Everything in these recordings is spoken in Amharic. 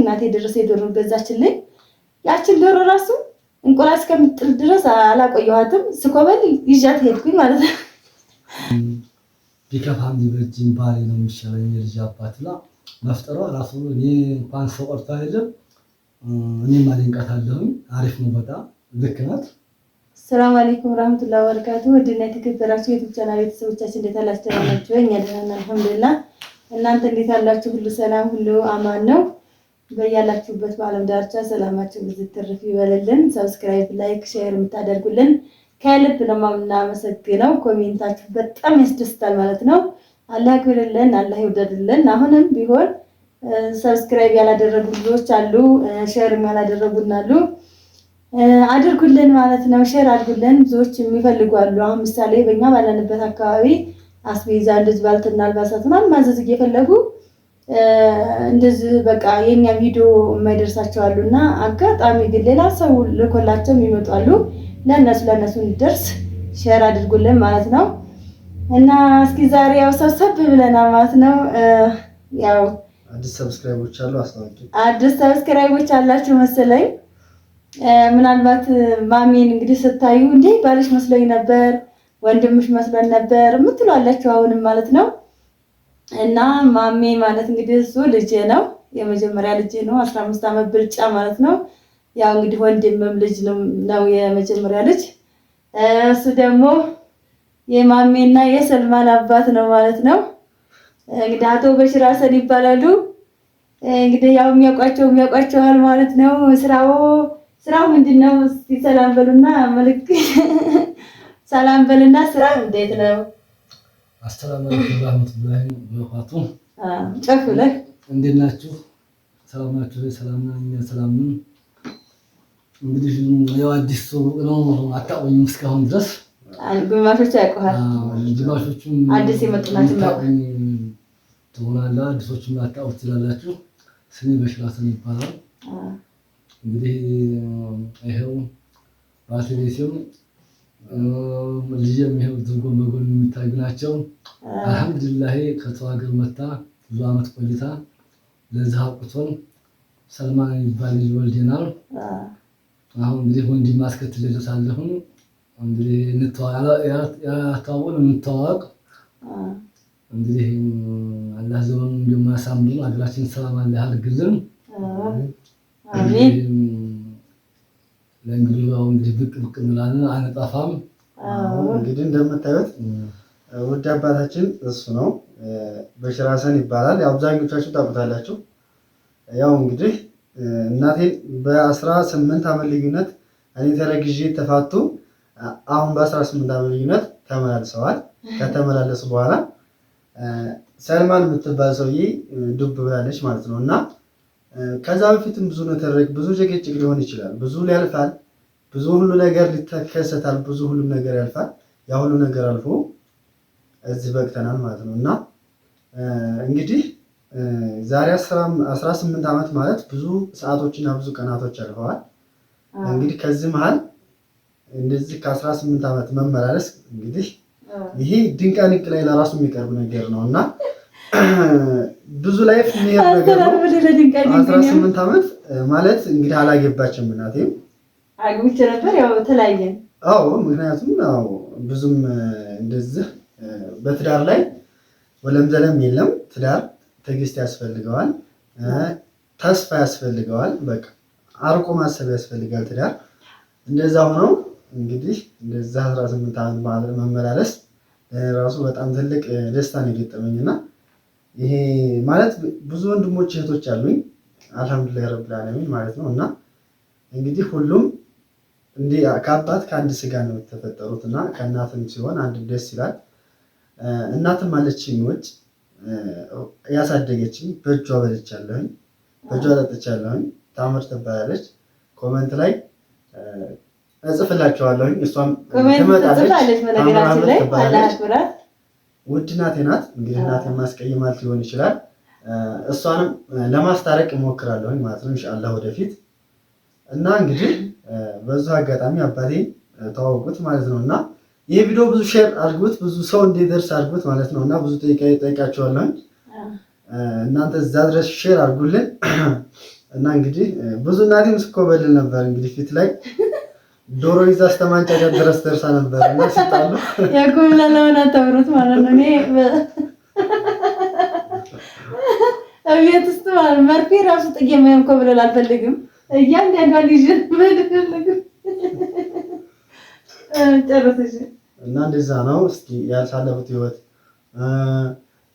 እናቴ ድረስ የዶሮ ገዛችልኝ። ያችን ዶሮ ራሱ እንቁላል እስከምጥል ድረስ አላቆየኋትም። ስኮበል ይዣት ሄድኩኝ ማለት ነው። ቢከፋም ቢበጅም ባሌ ነው የሚሻለኝ። የልጅ አባትና መፍጠሯ ራሱ እኔ እንኳን ሰው ቆርቶ አይደለም እኔም አደንቃታለሁኝ። አሪፍ ነው በጣም ልክ ናት። ሰላም አለይኩም ረህመቱላ ወበረካቱ። ወድና የተከበራችሁ የኢትዮጵያና ቤተሰቦቻችን እንዴት አላችሁ? ደህና ናችሁ? እኛ ደህና ነን አልሐምዱሊላህ። እናንተ እንዴት አላችሁ? ሁሉ ሰላም፣ ሁሉ አማን ነው። በያላችሁበት በዓለም ዳርቻ ሰላማችሁ ብዙ ይበልልን። ሰብስክራይብ፣ ላይክ፣ ሼር የምታደርጉልን ከልብ ነው የምናመሰግነው። ኮሜንታችሁ በጣም ያስደስታል ማለት ነው። አላህ ያክብርልን፣ አላህ ይውደድልን። አሁንም ቢሆን ሰብስክራይብ ያላደረጉ ልጆች አሉ፣ ሼርም ያላደረጉን አሉ። አድርጉልን ማለት ነው። ሼር አድርጉልን። ብዙዎች የሚፈልጉ አሉ። አሁን ምሳሌ በእኛ ባለንበት አካባቢ አስቤዛ፣ ልጅ ባልትና አልባሳት ምናምን ማዘዝ እየፈለጉ እንደዚህ በቃ የኛ ቪዲዮ የማይደርሳቸው አሉ እና አጋጣሚ ግን ሌላ ሰው ልኮላቸውም ይመጣሉ። ለእነሱ ለእነሱ እንዲደርስ ሼር አድርጉልን ማለት ነው። እና እስኪ ዛሬ ያው ሰብሰብ ብለና ማለት ነው ያው አዲስ ሰብስክራይቦች አሉ አስታውቂ አዲስ ሰብስክራይቦች አላችሁ መሰለኝ። ምናልባት ማሜን እንግዲህ ስታዩ እንዴ ባልሽ መስሎኝ ነበር፣ ወንድምሽ መስሎኝ ነበር የምትሉ አላችሁ አሁንም ማለት ነው እና ማሜ ማለት እንግዲህ እሱ ልጄ ነው፣ የመጀመሪያ ልጄ ነው። አስራ አምስት ዓመት ብልጫ ማለት ነው። ያው እንግዲህ ወንድምም ልጅ ነው የመጀመሪያ ልጅ። እሱ ደግሞ እና የሰልማን አባት ነው ማለት ነው። እንግዲህ አቶ በሽር ሰል ይባላሉ። እንግዲህ ያው የሚያውቋቸው የሚያውቋቸዋል ማለት ነው። ስራው ስራው ምንድን ነው? ሰላም በሉና መልክ ሰላም በልና ስራ እንዴት ነው? አሰላሙ አለይኩም ወራህመቱላሂ ወበረካቱ። ጨፍ ላይ እንዴት ናችሁ? ሰላም ናችሁ? ሰላም ነን። ሰላም ነን። እንግዲህ ያው አዲስ ሰው ነው አታውቁኝም እስካሁን ድረስ ግማሾቹ ያውቁሃል፣ አዲሶቹም ላታውቁ ትችላላችሁ። ስሜ በሽራትን ይባላል። እንግዲህ ይኸው ባለቤቴም ልጅ የሚሄዱ ጎን በጎን የሚታዩ ናቸው። አልሐምዱሊላህ ከተው ሀገር መታ ብዙ አመት ቆይታ ለዚህ አውቅቶን ሰልማን የሚባል ልጅ ወልዴናል። አሁን እንግዲህ ወንድም ማስከትል ልሳለሁም እንግዲህ ያተዋወን እንተዋወቅ እንግዲህ አላህ ዘመኑ እንደማያሳምርን ሀገራችን ሰላም አለ ያድርግልን። ለእንግዲህ አሁን ብቅ ብቅ እንላለን፣ አንጠፋም። እንግዲህ እንደምታዩት ውድ አባታችን እሱ ነው፣ በሽራሰን ሀሰን ይባላል። አብዛኞቻችሁ ታውቁታላችሁ። ያው እንግዲህ እናቴ በአስራ ስምንት ዓመት ልዩነት እኔ ተረግዤ ተፋቱ። አሁን በአስራ ስምንት ዓመት ልዩነት ተመላልሰዋል። ከተመላለሱ በኋላ ሰልማን የምትባል ሰውዬ ዱብ ብላለች ማለት ነው እና ከዛ በፊትም ብዙ ነተረግ ብዙ ጭቅጭቅ ሊሆን ይችላል። ብዙ ሊያልፋል፣ ብዙ ሁሉ ነገር ሊተከሰታል። ብዙ ሁሉም ነገር ያልፋል። ያ ሁሉ ነገር አልፎ እዚህ በቅተናል ማለት ነው እና እንግዲህ ዛሬ አስራ ስምንት ዓመት ማለት ብዙ ሰዓቶችና ብዙ ቀናቶች አልፈዋል። እንግዲህ ከዚህ መሀል እንደዚህ ከአስራ ስምንት ዓመት መመላለስ እንግዲህ ይሄ ድንቃ ድንቅ ላይ ለራሱ የሚቀርብ ነገር ነው እና ብዙ ላይፍ የሚሄድ ነው። ስምንት ዓመት ማለት እንግዲህ አላገባችም እናቴም አግብቼ ነበር። ያው ተለያየን። አዎ ምክንያቱም ያው ብዙም እንደዚህ በትዳር ላይ ወለም ዘለም የለም። ትዳር ትዕግስት ያስፈልገዋል፣ ተስፋ ያስፈልገዋል፣ በቃ አርቆ ማሰብ ያስፈልጋል። ትዳር እንደዛ ሆነው እንግዲህ እንደዛ አስራ ዓመት መመላለስ ራሱ በጣም ትልቅ ደስታ ነው የገጠመኝና ይሄ ማለት ብዙ ወንድሞች እህቶች አሉኝ አልሐምዱላ ረብል ማለት ነው። እና እንግዲህ ሁሉም እንዲህ ከአባት ከአንድ ስጋ ነው የተፈጠሩት እና ከእናትም ሲሆን አንድ ደስ ይላል። እናትም አለችኝ ወጭ ያሳደገችኝ በእጇ በልቻለሁኝ፣ በእጇ ጠጥቻለሁኝ። ታምር ትባላለች። ኮመንት ላይ እጽፍላችኋለሁኝ። እሷም ትመጣለች። ታምር ትባላለች ኮመንት ላይ እጽፍላችኋለሁኝ እሷም ትመጣለች ትባላለች ውድ እናቴ ናት። እንግዲህ ማስቀይ ማስቀይማት ሊሆን ይችላል። እሷንም ለማስታረቅ እሞክራለሁ ማለት ነው ኢንሻአላህ ወደፊት እና እንግዲህ በዙ አጋጣሚ አባቴ ታወቁት ማለት ነው እና ይህ ቪዲዮ ብዙ ሼር አድርጉት፣ ብዙ ሰው እንዲደርስ አድርጉት ማለት ነው እና ብዙ ጠይቃቸዋለሁ። እናንተ እዛ ድረስ ሼር አድርጉልን እና እንግዲህ ብዙ እናቴ ምስኮበልን ነበር እንግዲህ ፊት ላይ ዶሮ ይዛ ስተማንጫጫ ድረስ ደርሳ ነበር እና ሲጣሉ ያቆም ለለሆነ ተብሩት ማለት ነው። እኔ እቤት ውስጥ ማለት መርፌ ራሱ ጥጌ መም ኮብለል አልፈልግም። እያንዳንዷ ልጅ ምንፈልግም ጨረሰሽ እና እንደዛ ነው። እስኪ ያሳለፉት ህይወት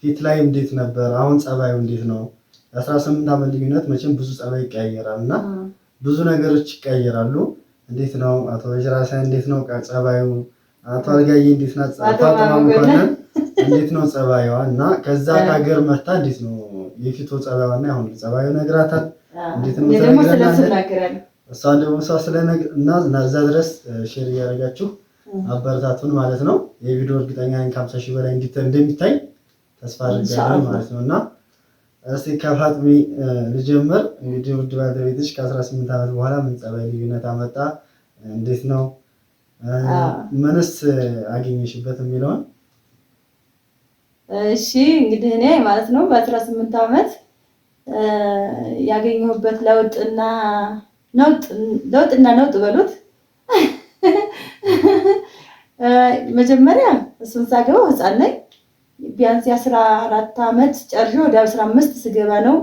ፊት ላይ እንዴት ነበር? አሁን ጸባዩ እንዴት ነው? የአስራ ስምንት ዓመት ልዩነት መቼም ብዙ ጸባይ ይቀያየራል እና ብዙ ነገሮች ይቀያየራሉ። እንዴት ነው አቶ ጅራሳ፣ እንዴት ነው ጸባዩ? አቶ አልጋይ እንዴት ናት? ፋጥማ መኮንን እንዴት ነው ጸባዩዋ? እና ከዛ ከሀገር መርታ እንዴት ነው የፊቱ እና አሁን ጸባዩ ነግራታል። እንዴት ነው ተነግራታል። እሷን ደግሞ እሷ ስለነገር እና እዛ ድረስ ሼር እያደረጋችሁ አበረታቱን ማለት ነው። የቪዲዮ እርግጠኛ ከሀምሳ ሺህ በላይ እንደሚታይ ተስፋ አድርጋለሁ ማለት ነው እና እስቲ ከፋጥሚ ልጀምር። እንግዲህ ውድ ባለቤትሽ ከ18 ዓመት በኋላ ምን ጸባይ ልዩነት አመጣ? እንዴት ነው? ምንስ አገኘሽበት የሚለውን እሺ። እንግዲህ እኔ ማለት ነው በ18 ዓመት ያገኘሁበት ለውጥና ነውጥ ለውጥና ነውጥ በሉት መጀመሪያ እሱን ሳገባው ህፃን ነኝ ቢያንስ የአስራ አራት አመት ጨርሼ ወደ አስራ አምስት ስገባ ነው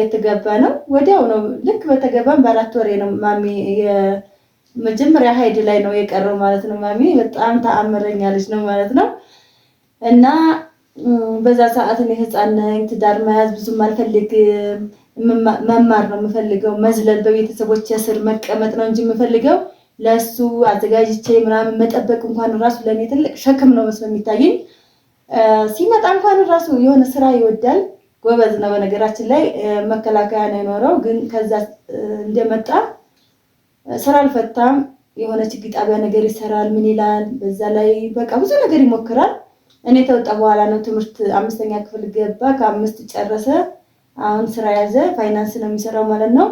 የተገባ ነው። ወዲያው ነው ልክ በተገባም በአራት ወሬ ነው ማሚ የመጀመሪያ ሀይድ ላይ ነው የቀረው ማለት ነው። ማሚ በጣም ተአምረኛ ልጅ ነው ማለት ነው። እና በዛ ሰዓት እኔ ህፃን ነኝ። ትዳር መያዝ ብዙም አልፈልግም። መማር ነው የምፈልገው። መዝለል፣ በቤተሰቦች ስር መቀመጥ ነው እንጂ የምፈልገው ለእሱ አዘጋጅቼ ምናምን መጠበቅ እንኳን ራሱ ለእኔ ትልቅ ሸክም ነው መስሎ የሚታየኝ ሲመጣ እንኳን ራሱ የሆነ ስራ ይወዳል፣ ጎበዝ ነው። በነገራችን ላይ መከላከያ ነው የኖረው፣ ግን ከዛ እንደመጣ ስራ አልፈታም። የሆነ ችግኝ ጣቢያ ነገር ይሰራል፣ ምን ይላል፣ በዛ ላይ በቃ ብዙ ነገር ይሞክራል። እኔ ተወጣ በኋላ ነው ትምህርት አምስተኛ ክፍል ገባ፣ ከአምስት ጨረሰ። አሁን ስራ ያዘ፣ ፋይናንስ ነው የሚሰራው ማለት ነው።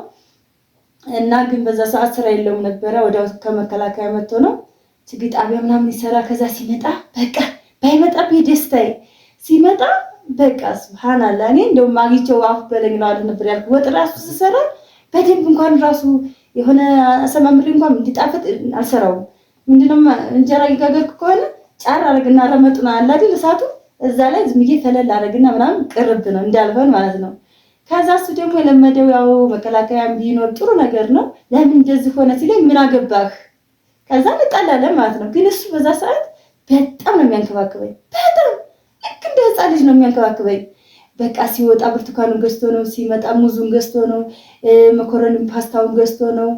እና ግን በዛ ሰዓት ስራ የለውም ነበረ። ወዲያው ከመከላከያ መጥቶ ነው ችግኝ ጣቢያ ምናምን ይሰራ። ከዛ ሲመጣ በቃ ባይመጣም የደስታዬ ሲመጣ በቃ ስብሃናላ እኔ እንደውም አግኝቼው አፍ በለኝ ነው ነበር ያልኩ። ወጥ ራሱ ስሰራ በደንብ እንኳን ራሱ የሆነ አሰማምሬ እንኳን እንዲጣፍጥ አልሰራውም። ምንድነው እንጀራ እየጋገርኩ ከሆነ ጫር አረግና ረመጡ ነው አላ አላድል እሳቱ እዛ ላይ ዝም ብዬ ፈለል አረግና ምናምን ቅርብ ነው እንዳልሆን ማለት ነው። ከዛ እሱ ደግሞ የለመደው ያው መከላከያ ቢኖር ጥሩ ነገር ነው። ለምን እንደዚህ ሆነ ሲለኝ ምን አገባህ፣ ከዛ እንጣላለን ማለት ነው። ግን እሱ በዛ ሰዓት በጣም ነው የሚያንከባክበኝ። በጣም ልክ እንደ ህፃ ልጅ ነው የሚያንከባክበኝ። በቃ ሲወጣ ብርቱካኑን ገዝቶ ነው፣ ሲመጣ ሙዙን ገዝቶ ነው፣ መኮረኒ ፓስታውን ገዝቶ ነው።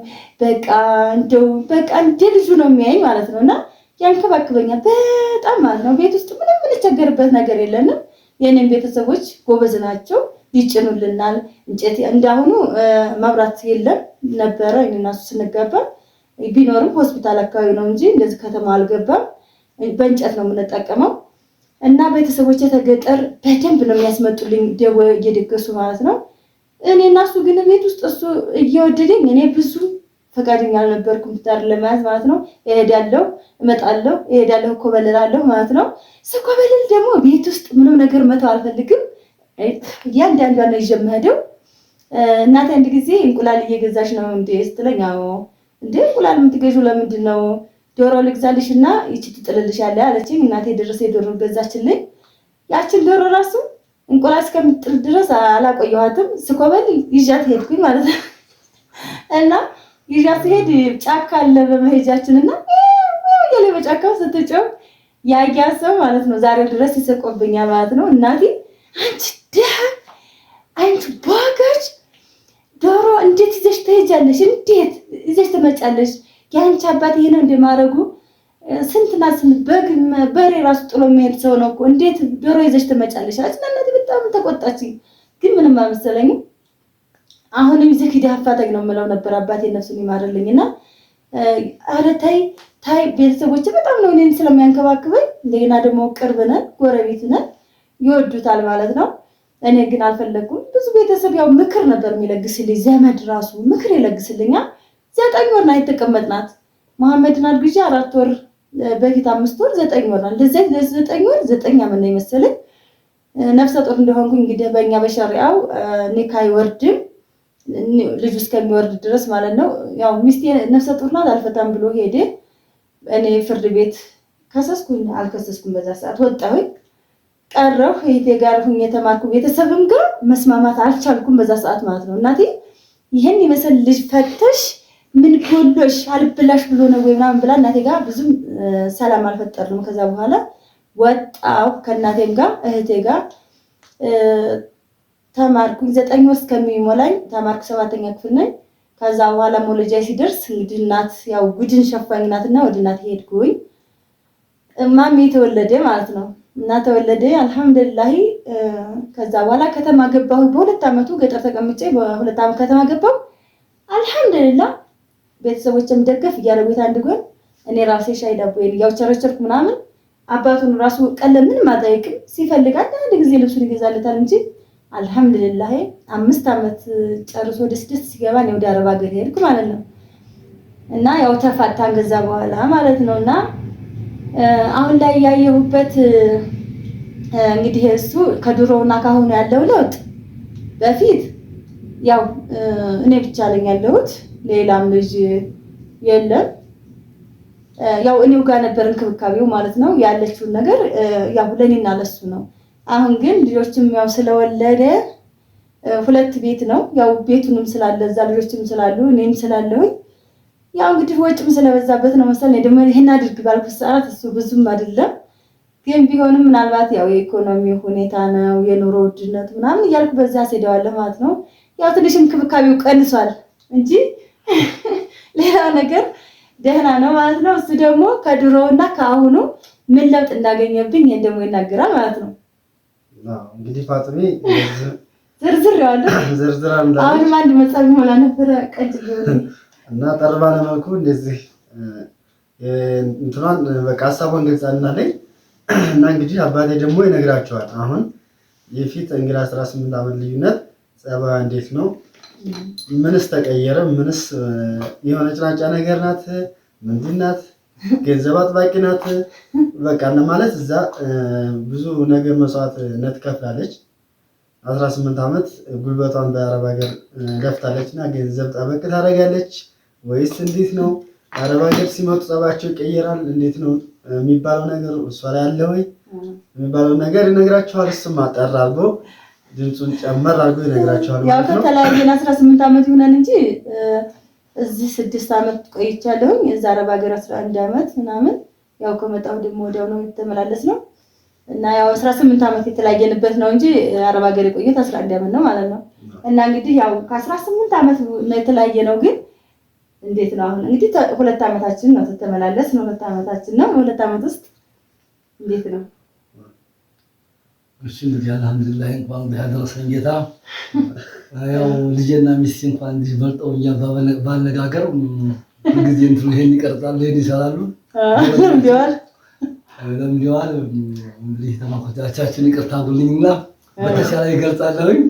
በቃ እንደው በቃ እንደ ልጁ ነው የሚያይ ማለት ነው። እና ያንከባክበኛል በጣም ማለት ነው። ቤት ውስጥ ምንም የምንቸገርበት ነገር የለንም። የእኔም ቤተሰቦች ጎበዝ ናቸው። ይጭኑልናል እንጨት። እንዳሁኑ መብራት የለም ነበረ እናሱ ስንገባ፣ ቢኖርም ሆስፒታል አካባቢ ነው እንጂ እንደዚህ ከተማ አልገባም። በእንጨት ነው የምንጠቀመው እና ቤተሰቦች የተገጠር በደንብ ነው የሚያስመጡልኝ ደቦ እየደገሱ ማለት ነው። እኔ እና እሱ ግን ቤት ውስጥ እሱ እየወደደኝ እኔ ብዙ ፈቃደኛ አልነበርኩም ትዳር ለመያዝ ማለት ነው። እሄዳለሁ፣ እመጣለሁ፣ እሄዳለሁ፣ እኮበልላለሁ ማለት ነው። ስኮበልል ደግሞ ቤት ውስጥ ምንም ነገር መተው አልፈልግም። እያንዳንዷ ነው ይዤ የምሄደው። እናቴ አንድ ጊዜ እንቁላል እየገዛሽ ነው እንዴ ስትለኝ፣ አዎ እንዴ እንቁላል የምትገዢው ለምንድን ነው ዶሮ ልግዛልሽ እና ይቺ ትጥልልሽ ያለ አለችኝ። እናቴ ድረስ የዶሮ ገዛችልኝ። ያችን ዶሮ ራሱ እንቁላል እስከምጥል ድረስ አላቆየኋትም። ስኮበል ይዣት ሄድኩኝ ማለት ነው እና ይዣት ሄድ ጫካ አለ በመሄጃችን እና ያለ በጫካው ስትጮህ ያያ ሰው ማለት ነው ዛሬ ድረስ ይሰቆብኛል ማለት ነው። እናቴ አንቺ ደሃ፣ አንቺ ባጋች ዶሮ እንዴት ይዘሽ ትሄጃለሽ? እንዴት ይዘሽ ትመጫለሽ? የአንቺ አባት ይሄን እንደማድረጉ ስንትና ስንት በግ በሬ ራሱ ጥሎ የሚሄድ ሰው ነው እኮ እንዴት ዶሮ ይዘሽ ትመጫለሽ? አጭ እናቴ በጣም ተቆጣች፣ ግን ምንም አልመሰለኝም። አሁንም ይዘህ ሂደህ አፋታኝ ነው የምለው ነበር። አባቴ ነፍሱን ይማርልኝ እና ኧረ ታይ ቤተሰቦች በጣም ነው እኔን ስለሚያንከባክበኝ፣ እንደገና ደግሞ ቅርብ ነን፣ ጎረቤት ነን፣ ይወዱታል ማለት ነው። እኔ ግን አልፈለግኩም። ብዙ ቤተሰብ ያው ምክር ነበር የሚለግስልኝ ዘመድ ራሱ ምክር ይለግስልኛል ዘጠኝ ወር ናት የተቀመጥናት። መሐመድን አግዤ አራት ወር በፊት አምስት ወር ዘጠኝ ወር ናት። ለዚህ ዘጠኝ ወር ዘጠኝ ዓመት ነው የመሰለኝ ነፍሰ ጡር እንደሆንኩ እንግዲህ በእኛ በሸሪያው ኒካ አይወርድም ልጁ እስከሚወርድ ድረስ ማለት ነው። ያው ሚስቴ ነፍሰ ጡር ናት አልፈታም ብሎ ሄደ። እኔ ፍርድ ቤት ከሰስኩኝ አልከሰስኩም፣ በዛ ሰዓት ወጣሁኝ ቀረሁ። እህቴ ጋር ሁኝ የተማርኩ ቤተሰብም ጋር መስማማት አልቻልኩም፣ በዛ ሰዓት ማለት ነው። እናቴ ይህን ይመስል ልጅ ፈተሽ ምን ጎሎሽ አልብላሽ ብሎ ነው ወይ ምናምን ብላ እናቴ ጋር ብዙም ሰላም አልፈጠርንም። ከዛ በኋላ ወጣው ከእናቴም ጋር እህቴ ጋር ተማርኩኝ። ዘጠኝ ወር እስከሚሞላኝ ተማርኩ። ሰባተኛ ክፍል ነኝ። ከዛ በኋላ ሞለጃ ሲደርስ እንግዲህ እናት ያው ጉድን ሸፋኝ ናትና ወደ እናቴ ሄድኩኝ። ማሜ ተወለደ ማለት ነው እና ተወለደ አልሐምዱሊላሂ። ከዛ በኋላ ከተማ ገባሁ። በሁለት ዓመቱ ገጠር ተቀምጬ በሁለት ዓመት ከተማ ገባሁ አልሐምዱሊላህ ቤተሰቦች ደገፍ እያለ አንድ ጎን እኔ ራሴ ሻይ ዳቦዬን ያው ምናምን። አባቱን ራሱ ቀለ ምንም አጠይቅም። ሲፈልጋል አንድ ጊዜ ልብሱን ይገዛለታል እንጂ አልሐምዱሊላህ አምስት ዓመት ጨርሶ ደስደስ ሲገባ ወደ አረብ ሀገር ሄድኩ ማለት ነው። እና ያው ተፋታን ገዛ በኋላ ማለት ነው። እና አሁን ላይ ያየሁበት እንግዲህ እሱ ከድሮውና ካሁኑ ያለው ለውጥ በፊት ያው እኔ ብቻ ለኝ ያለሁት ሌላም ልጅ የለም። ያው እኔው ጋር ነበር እንክብካቤው ማለት ነው። ያለችውን ነገር ያው ለእኔና ለሱ ነው። አሁን ግን ልጆችም ያው ስለወለደ ሁለት ቤት ነው። ያው ቤቱንም ስላለ እዛ ልጆችም ስላሉ እኔም ስላለሁኝ ያው እንግዲህ ወጭም ስለበዛበት ነው መሰለኝ። ደግሞ ይህን አድርግ ባልኩት ሰዓት እሱ ብዙም አይደለም፣ ግን ቢሆንም ምናልባት ያው የኢኮኖሚ ሁኔታ ነው የኑሮ ውድነት ምናምን እያልኩ በዚያ ሄደዋለሁ ማለት ነው። ያው ትንሽ እንክብካቤው ቀንሷል እንጂ ሌላ ነገር ደህና ነው ማለት ነው። እሱ ደግሞ ከድሮውና ከአሁኑ ምን ለውጥ እንዳገኘብኝ ይህን ደግሞ ይናገራል ማለት ነው። እንግዲህ ፋጥሜ ዝርዝር ያለው ዝርዝር አሁንም አንድ መጽሐፍ ሆና ነበረ ቀጭ እና ጠርባ ለመልኩ እንደዚህ እንትኗን በቃ ሀሳቧን ገልጻ እናለኝ እና እንግዲህ አባቴ ደግሞ ይነግራቸዋል። አሁን የፊት እንግዲህ አስራ ስምንት ዓመት ልዩነት ጸባይ እንዴት ነው ምንስ ተቀየረ? ምንስ የሆነ ጭናጫ ነገር ናት? ምንድን ናት? ገንዘብ አጥባቂ ናት። በቃ ማለት እዛ ብዙ ነገር መስዋዕትነት ከፍላለች። አስራ ስምንት ዓመት ጉልበቷን በአረብ ሀገር ገፍታለች እና ገንዘብ ጠበቅ ታደርጋለች ወይስ እንዴት ነው? አረብ ሀገር ሲመጡ ጸባቸው ይቀየራል እንዴት ነው የሚባለው ነገር እሷ ላይ አለ ወይ የሚባለው ነገር ይነግራችኋል። እሱም አጠር አድርጎ ድምፁን ጨመር አድርጎ ይነግራቸዋል። ያው ከተለያየን አስራ ስምንት ዓመት ይሆናል እንጂ እዚህ ስድስት ዓመት ቆይቻለሁኝ። እዛ አረብ ሀገር አስራ አንድ ዓመት ምናምን ያው ከመጣሁ ደግሞ ወዲያው ነው የተመላለስ ነው እና ያው አስራ ስምንት ዓመት የተለያየንበት ነው እንጂ አረብ ሀገር የቆየሁት አስራ አንድ ዓመት ነው ማለት ነው። እና እንግዲህ ያው ከአስራ ስምንት ዓመት ነው የተለያየ ነው ግን እንዴት ነው አሁን እንግዲህ ሁለት ዓመታችን ነው ተተመላለስ ነው። ሁለት ዓመታችን ነው። ሁለት ዓመት ውስጥ እንዴት ነው እሺ እንግዲህ አልሐምዱሊላህ እንኳን ያደረሰን ጌታ። ያው ልጄና ሚስቴ እንኳን እንዲህ በልጠው እኛ ባነጋገር ጊዜ እንትኑ ይሄን ይቀርጻሉ፣ ይሄን ይሰራሉ። ለምዲዋል እንግዲህ ተመልካቾቻችን ይቅርታ አድርጉልኝና በተሻለ ይገልጻለሁኝ።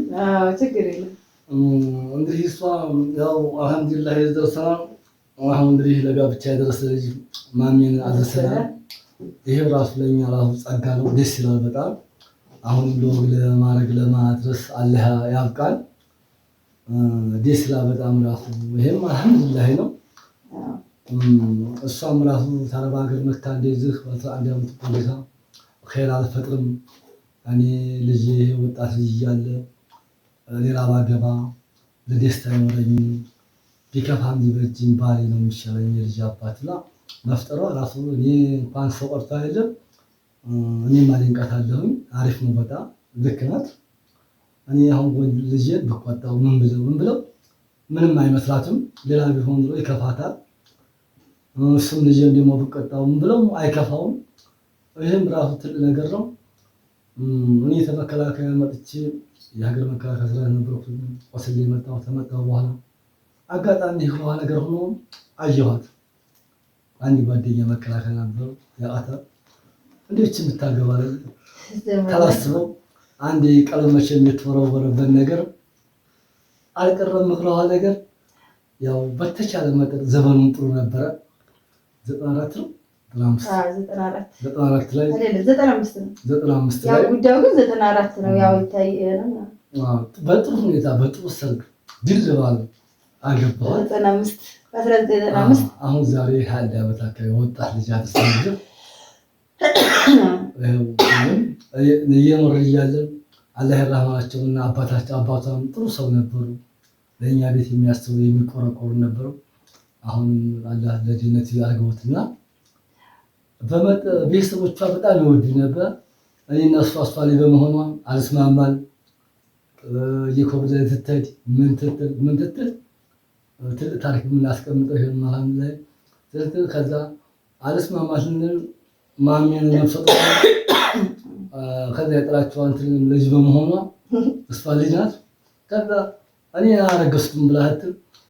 እንግዲህ እሷ ያው አልሐምዱሊላህ የደረሰናል። አሁን እንግዲህ ለጋብቻ የደረሰ ልጅ ማሜን አድርሰናል። ይሄ ራሱ ለእኛ ራሱ ጸጋ ነው፣ ደስ ይላል በጣም አሁን ብሎግ ለማድረግ ለማድረስ አላህ ያብቃል። ዴስላ በጣም ራሱ ይሄም አልሐምዱሊላህ ነው። እሷም ራሱ ተረባ ሀገር መታ እንደዚህ በአስራ አንድ ዓመት ቆይታ ኸይር አልፈጥርም እኔ ልጅ ወጣት ልጅ እያለ ሌላ ባገባ ለደስታ አይኖረኝ ቢከፋም ቢበጅም ባሌ ነው የሚሻለኝ የልጅ አባትና መፍጠሯ ራሱ እኔ እንኳን ሰው ቀርቶ አይደለም እኔም አደንቃታለሁኝ። አሪፍ ነው በጣም ልክ ናት። እኔ አሁን ወንድ ልጅ ብቆጣው ምን ብለው ምን ብለው ምንም አይመስላትም። ሌላ ቢሆን ብሎ ይከፋታል። እሱም ልጄም ደግሞ ብቆጣው ምን ብለው አይከፋውም። ይህም ራሱ ትልቅ ነገር ነው። እኔ ተመከላከያ መጥቼ የሀገር መከላከያ ስለነበርኩ ቆስሌ መጣሁ። ተመጣው በኋላ አጋጣሚ የሆነ ነገር ሆኖ አየኋት። አንድ ጓደኛ መከላከያ ነበር እንዴት የምታገባ ካላስበው አንድ ቀለም መቼም የተወረወረበት ነገር አልቀረም ምክረዋ ነገር ያው በተቻለ መጠን ዘመኑን ጥሩ ነበረ። ዘጠና አራት ነው ዘጠና አራት ላይ ዘጠና አምስት ላይ ጉዳዩ ግን ዘጠና አራት ነው። ያው በጥሩ ሁኔታ በጥሩ ሰርግ ድል ባለ አገባዋል። አሁን ዛሬ ሀያ አንድ ዓመት አካባቢ ወጣት ልጅ አስልም እየኖር እያለን አላህ የራህማቸውና አባታቸው አባቷም ጥሩ ሰው ነበሩ። ለእኛ ቤት የሚያስቡ የሚቆረቆሩ ነበሩ። አሁንም አላህ ለድነት ያርገውትና ቤተሰቦቿ በጣም ይወዱ ነበር። እኔ እና እሷ እሷ ላይ በመሆኗ አልስማማል የኮብዘ ትተድ ምን ትትል ትልቅ ታሪክ የምናስቀምጠው ይሆን መሀል ላይ ከዛ አልስማማል ማሚን ለምሰጠ ከዛ የጥላቸው አንትን ልጅ በመሆኗ እሷ ልጅ ናት። ከዛ እኔ አረገዝኩም ብላ